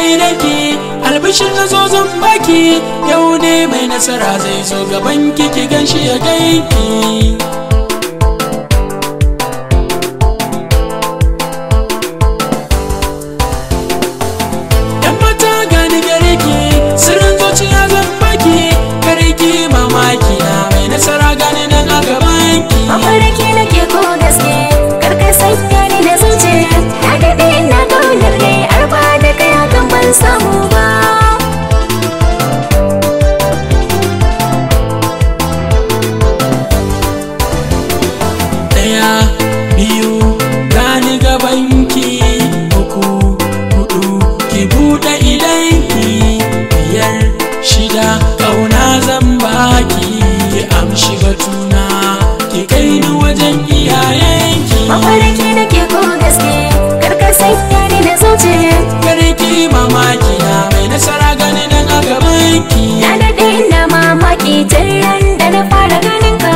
komai nake albishin na zo baki yau ne mai nasara zai zo gaban kiKi ganshi ya gaiki idan ki biyar shida kauna zan baki amshi batuna ki kai ni wajen iyayenki mafarki nake ko gaske karkar sanya ni da zuci karki mamaki na mai nasara gani nan a gabanki na daɗe na mamaki tun da na fara ganin ka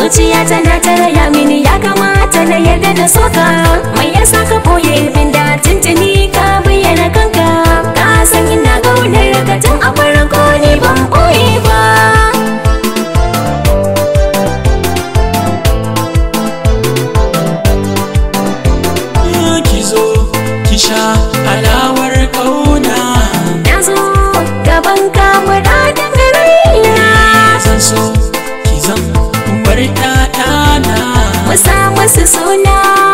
zuciya tana ta raya mini ya kamata na yarda da soka mai yasa ka boye binda da ki zo ki sha alawar kauna na zo gaban kamura da garina zan so ki zan umarta tana. mu sa suna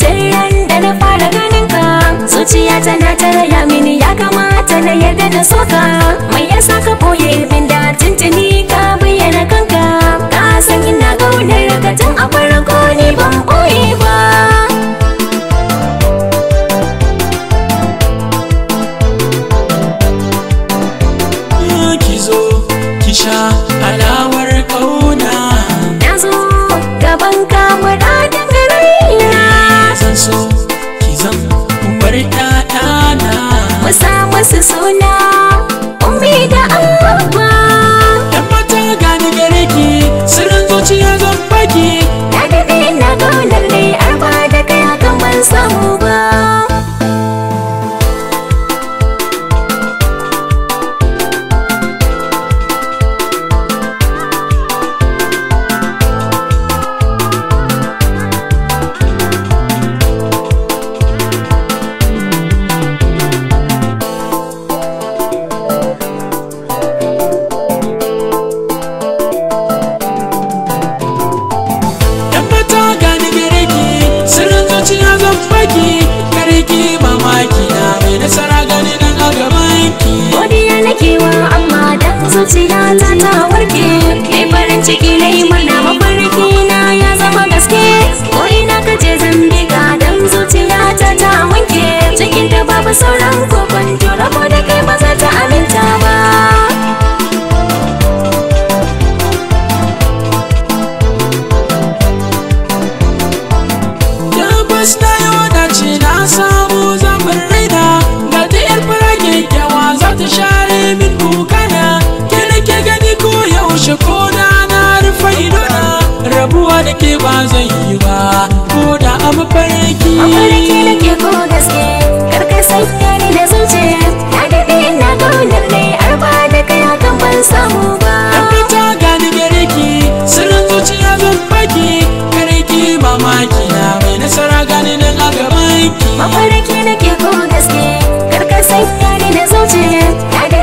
Jiran da na fara ganin ka Zuciya tana ta raya mini ya kamata na yarda da soka Mai yasa ka boye bin da rabuwa da ke ba zan yi ba ko da a mafarki mafarki da ke ko gaske kar karkar sanya ni da zuce na daɗe ina gaunar ne arba da kai kan ban samu ba tabbata gani gare ki sirrin zuciya zan baki gare ki mamaki na mai nasara gani nan a gaban ki mafarki da ke ko gaske kar karkar sanya ni da zuce na